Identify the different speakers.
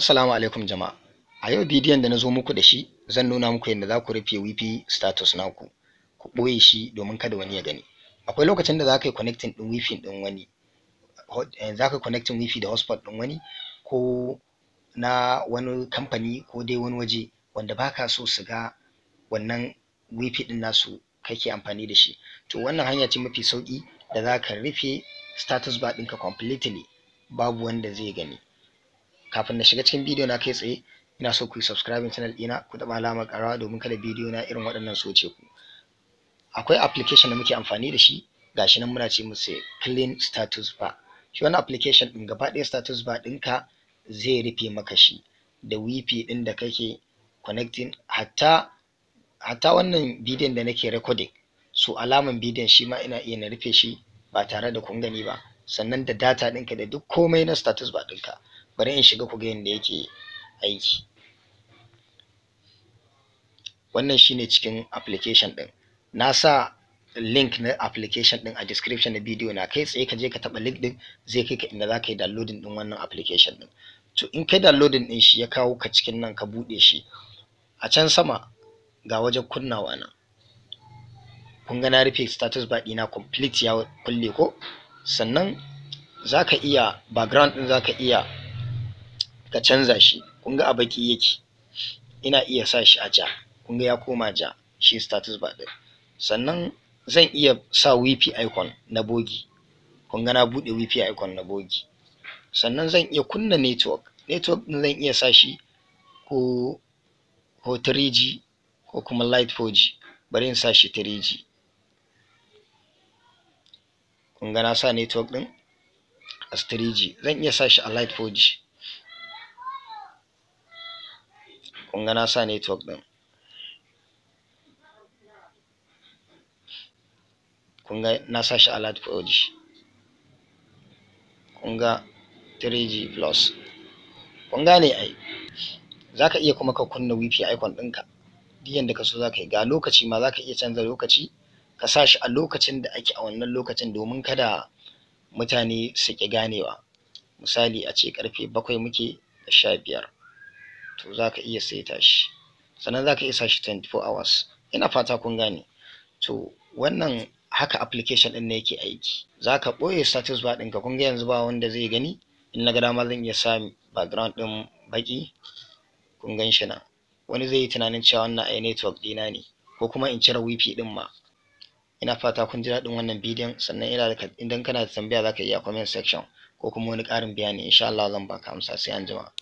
Speaker 1: Assalamu alaikum jama'a. A yau bidiyon da na zo muku da shi zan nuna muku yadda za ku rufe wifi status naku. Ku ɓoye shi domin kada wani ya gani. Akwai lokacin da za ka yi connecting ɗin wifi ɗin wani Eh, za ka connecting wifi da hotspot ɗin wani ko na wani kamfani ko dai wani waje wanda baka so su ga wannan wifi ɗin nasu kake amfani da shi to wannan hanya ce mafi sauƙi da za ka rufe status bar ɗinka completely babu wanda zai gani kafin na shiga cikin bidiyo na kai tsaye ina so ku yi subscribing channel ɗina ku taɓa alamar ƙarawa domin kada bidiyo na irin waɗannan su wuce ku akwai application da muke amfani da shi gashi nan muna ce musu clean status bar shi wannan application ɗin gaba ɗaya status bar ɗinka zai rufe maka shi da wifi ɗin da kake connecting hatta hatta wannan bidiyon da nake recording so alaman bidiyon shi ma ina iya na rufe shi ba tare da kun gani ba sannan da data ɗinka da duk komai na status bar ɗinka bari in shiga ku ga yadda yake aiki wannan shine cikin application ɗin na sa link na application din a description na bidiyo na kai tsaye ka je ka taba link din zai kai ka inda za ka yi downloading din wannan application din to in kai downloading din shi ya kawo ka cikin nan ka bude shi a can sama ga wajen kunnawa nan kun ga na rufe status bar dina complete ya kulle ko sannan za ka iya background din za iya ka canza shi kun ga a baki yake ina iya sa shi a ja kun ga ya koma ja shi status bar din sannan zan iya sa wifi icon na bogi kun ga na buɗe wifi icon na bogi sannan zan iya kunna network network ɗin zan iya sa shi ko ko 3G ko kuma light 4G bari in sa shi 3G kun ga na sa network din as 3G zan iya sa shi a light 4G kun ga na sa network din kun ga na sa shi alert 4G kun ga 3G plus kun gane ai za ka iya kuma ka kunna wifi icon ɗinka duk yadda ka so za ka yi ga lokaci ma za ka iya canza lokaci ka sa shi a lokacin da ake a wannan lokacin domin kada mutane su ƙi ganewa misali a ce karfe bakwai muke da sha biyar to za ka iya saita shi sannan za ka iya sa shi 24 hours ina fata kun gane to wannan haka application ɗin ne yake aiki zaka boye status bar ka kun ga yanzu ba wanda zai gani in na ga dama zan iya sa background din baki? kun gan shi nan wani zai yi tunanin cewa wannan ai network dina ne ko kuma in cire wifi din ma ina fata kun ji daɗin wannan bidiyon sannan ina da idan kana da tambaya zaka ka iya comment section ko kuma wani ƙarin bayani insha Allah zan baka amsa sai anjima